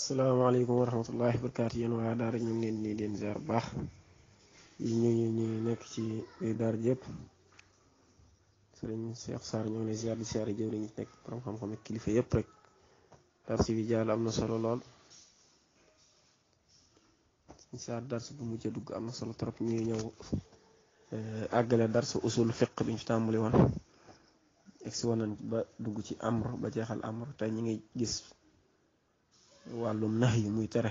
salaamaaleykum wa rahmatullahi wa barakaatu yéen waa daara ngi leen di leen ziar bu baax ñu ñu ñu nekk ci daara jëpp sëriñ Cheikh Sarr ñoo ngi lay ziar di ziar jëwriñ nekk borom xam-xam kilifa yëpp rek darsi bi jàll am na solo lool sëriñ Sarr darsi bu mujj dugg am na solo trop ñu ngi ñëw eh, àggale darsu usul fiq bi ñu fi tàmbali woon egsi nañ ba dugg ci amr ba jeexal amr tey ñu ngi gis. walum nax muy tere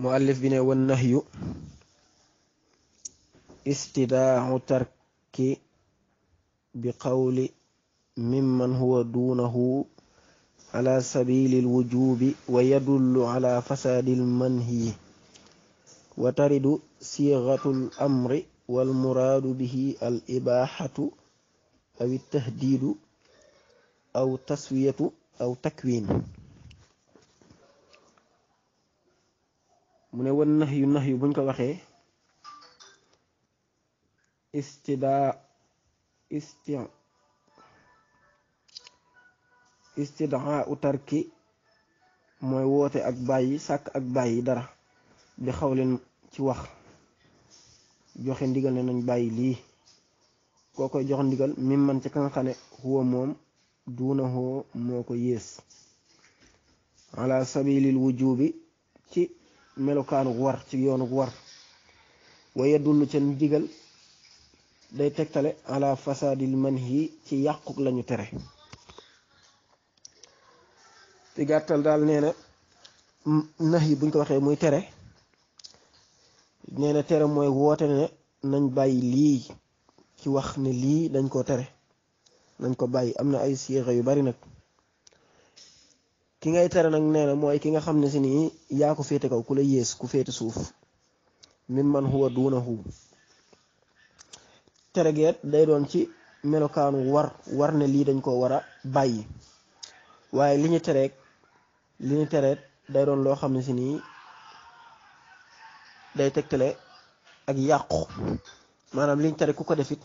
muallif bi ne wan nax yu tarki bi qawli mimman huwa dunahu ala sabili alwujubi wa yadullu ala fasadi almanhi wa taridu sigatu alamri والمراد به الإباحة أو التهديد aw taswiyatu aw takwin mu ne wan nax yu nax yu buñ ko waxee istida isti istidaa u tarki mooy woote ak bàyyi sàkk ak bàyyi dara bi xawlin ci wax joxe ndigal ne nañ bàyyi lii koo koy jox ndigal mim man ci kan xane huwa moom duunahoo moo ko yées ala sabilil wujubi ci melokaanu war ci yoonu war wa yadullu ca ndigal day tegtale ala fasadil manhi ci yàquk lañu tere ci daal nee nax yi buñ ko waxee muy tere nee na tere mooy woote ne nañ bàyyi lii ci wax ne lii dañ koo tere nañ ko bàyyi am na ay siixa yu bari nag ki ngay tere nag nee na mooy ki nga xam ne si nii yaa ko féete kaw ku la yées ku féete suuf min man huwa duunahu tere geet day doon ci melokaanu war war ne lii dañ ko war a bàyyi waaye li ñu tereeg li ñu tereet day doon loo xam ne si nii day tegtale ak yàqu maanaam liñ tere ku ko defit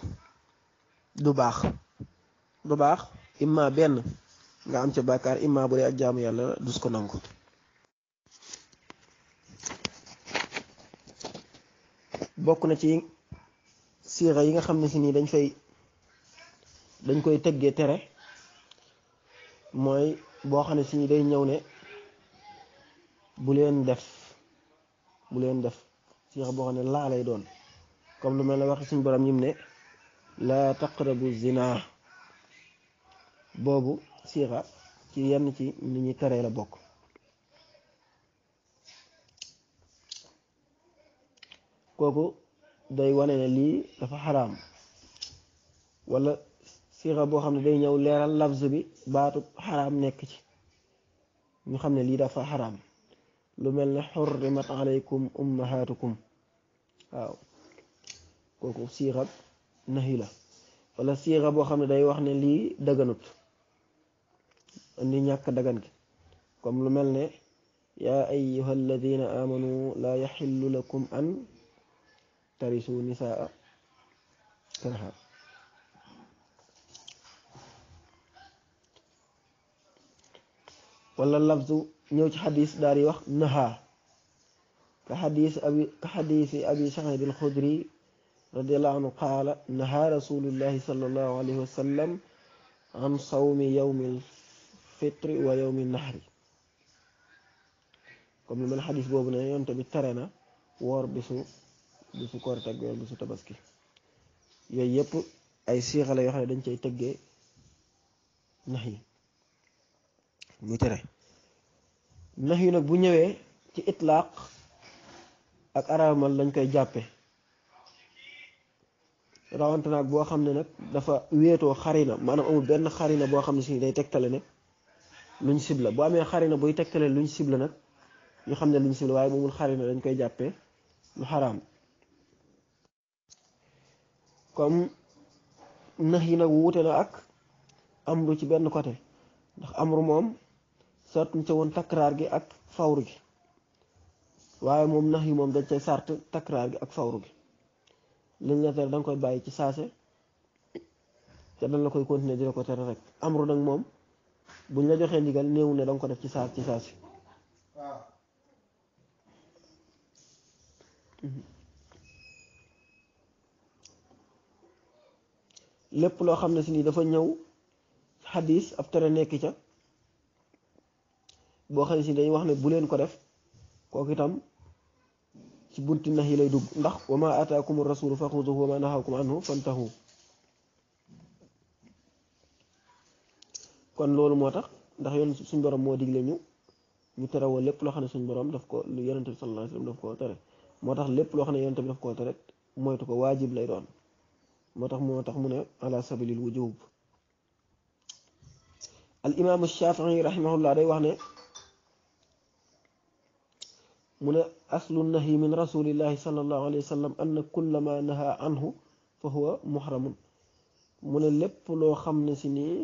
du baax lu baax imma benn nga am ca bàkkaar imma bu dee ak jaamu yàlla la dus ko nangu bokk na ci siira yi nga xam ne si nii dañ fay dañ koy tëggee tere mooy boo xam ne si day ñëw ne bu leen def bu leen def siira boo xam ne laa lay doon comme lu mel ne waxi suñu borom ñim ne laa taqrabu zina boobu siixa ci yenn ci ni ñuy teree la bokk kooku day wane ne lii dafa xaraam wala siixa boo xam ne day ñëw leeral lafz bi baatu xaraam nekk ci ñu xam ne lii dafa xaraam lu mel ne xurrimat aleykum ummahaatukum waaw kooku siixa nahi la wala siixa boo xam ne day wax ne lii dëgganut indi ñak dagan gi comme lu melne ya ayyuhal ladhina amanu la yahillu lakum an tarisu nisaa karha wala lafzu ñëw ci hadith daal wax naha ka hadith abi ka hadith abi sa'id al-khudri saxid alxudri radiallahu anhu qaala naha rasulullahi sallallahu alayhi wa sallam an sawmi yawmi fitri wa yawmin nahri comme lu man hadith bobu ne yon tamit tere wor bisu bisu bisu tabaski yoy yep ay sikhala yo xam dañ cey tëggee nahi Nahi tere nahi nak bu ñewé ci itlaq ak araamal lañ koy jappé rawante nag boo xam dafa wéetoo xarina manam amu ben xarina bo xam ci day luñ sibla boo amee xarina buy tegtale luñ sibla nag ñu xam ne luñ sibla waaye moomul xarina dañ koy jàppee lu xaraam comme nax yi nag wuute na ak amru ci benn côté ndax amru moom sartuñ ca woon takraar gi ak fawru gi waaye moom nax yi moom dañ cay sart takraar gi ak fawru gi liñ la tere danga koy bàyyi ci saase te dañ la koy continuer di la ko tere rek amru nag moom buñ la joxee ndigal néewul ne danga ko def ci saa ci saa si lépp loo xam ne si nii dafa ñëw xadis ab tere nekk ca boo xam ne si dañuy wax ne bu leen ko def kooku itam ci bunti nax yi lay dugg ndax wa ma ataakum rasulu fa xuduhu wa ma nahakum anhu fantahu kon loolu moo tax ndax yoon suñ borom moo digle ñu ñu terewoo lépp loo xam ne suñ borom daf ko lu yonente bi sallallahu alayhi wasallam daf koo tere moo tax lépp loo xam ne yonente bi daf koo tere moytu ko waajib lay doon moo tax moo tax mu ne ala sabilil wujub al imaamu shafii rahimahullah day wax ne mu ne aslu nahyi min rasulillahi sallallahu alayhi wa sallam anna kulla ma naha anhu fa huwa muhramun mu ne lépp loo xam ne si nii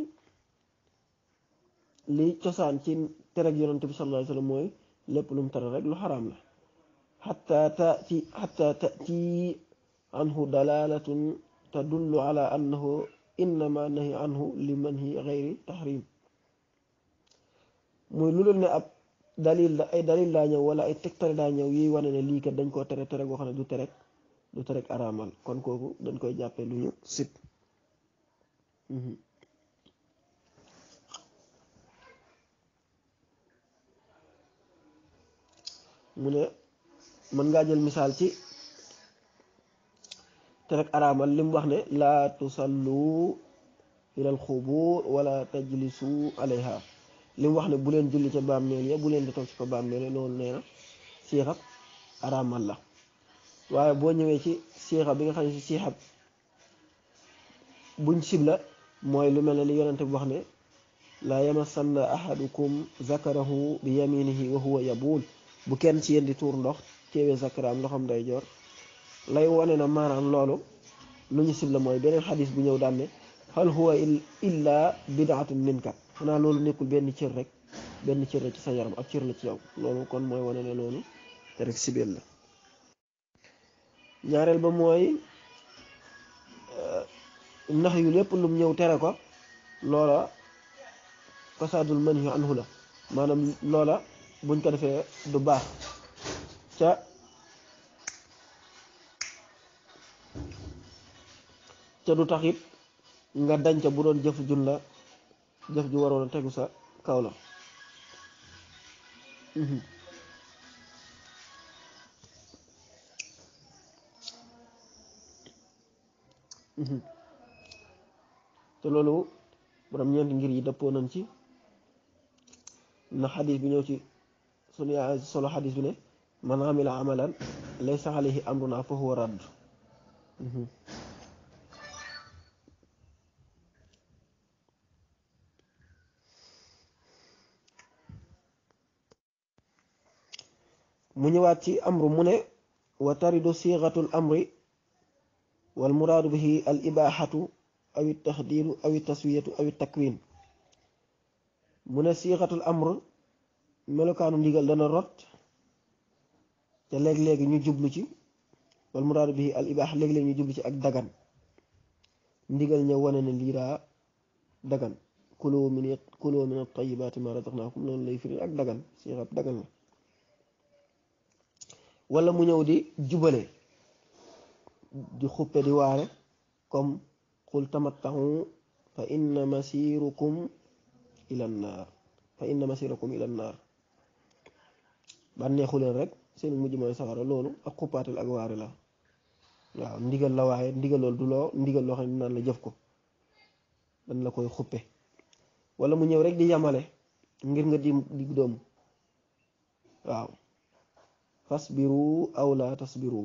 li cosaan ci tereg yonante bi sallallahu alayhi mooy lépp lu mu tere rek lu xaraam la xatta tati xatta tati anhu dalalatun tadullu ala annahu innama nahi anhu li manhi gayri tahrim mooy lu dul ne ab dalil la ay daa ñëw wala ay tegtale daa ñëw yiy wane ne lii kat dañ koo tere tere goo xam ne du tere du tereg araamal kon kooku dañ koy jàppee lu sit mhm. mu ne mën ngaa jël misaal ci terek araamal li wax ne laa tusallu ilal xubur wala tajlisu alayha li mu wax ne bu leen julli ca bàmmeel ya bu leen di toog ci ko bàmmeel ya loolu nee na siixab araamal la waaye boo ñëwee ci siixa bi nga xam ne si siixab buñ sibla mooy lu mel ne li yonente bi wax ne laa yamassanna ahadukum zakarahu bi yaminihi wa huwa yabuul bu kenn ci yéen di tuur ndox teewee sakaraam ndoxam day joor lay wone na maanaam loolu lu ñu sib mooy beneen xadis bu ñëw daan ne hal huwa illa bidaatun minka xanaa loolu nekkul benn cër rek benn cër la ci sa yaram ak cër la ci yow loolu kon mooy wane ne loolu te rek sibeel la ñaareel ba mooy euh, nax yu lépp lum ñëw tere ko loola kasaadul man yu anhu la maanaam loola buñ ko defé du baax ca ca du taxit nga dañ ca bu doon jëf jun la jëf ju waro a tegu sa kaw la te mhm. mhm. lolu borom ñeenti ngir yi dëppoo nañ ci na hadith bi ñew ci سني آه، سولو حديث بني من عمل عملا ليس عليه امرنا فهو رد مني امر مني وترد صيغه الامر والمراد به الاباحه او التخدير او التسويه او التكوين من صيغه الامر melokaanu ndigal dana rot te léeg-léegi ñu jublu ci wal muraadu bi al ibaax léeg-léeg ñu jublu ci ak dagan ndigal ñëw wane ne lii daa dagan kuloo min kuloo min at-tayyibaati maa razaqnaakum ak dagan siixab dagan mu ñëw di jubale di xuppe di waare comme qul tamattahu fa inna masirukum ila nnaar fa inna masirakum ila nnaar bànneexu leen rek seen mujj mooy sawara loolu ak xuppaatal ak waare la waaw ndigal la waaye ndigal loolu du loo ndigal loo xam ne naan la jëf ko dañ la koy xuppe wala mu ñëw rek di yamale ngir nga di di doomu waaw fasbiru aw la tasbiru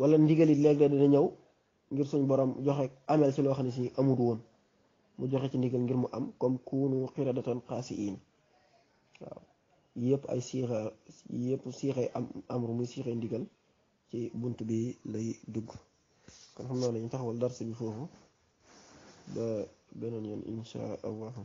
wala ndigal it léeg-léeg dina ñëw ngir suñ borom joxe amel ci loo xam ne si amul woon mu joxe ci ndigal ngir mu am comme kunu xiradatan xaasiin waaw yëpp ay siixa yëpp siixay am amru muy siixay ndigal ci bunt bi lay dugg kon xam naa ne ñu taxawal darse bi foofu ba beneen yoon insha allahu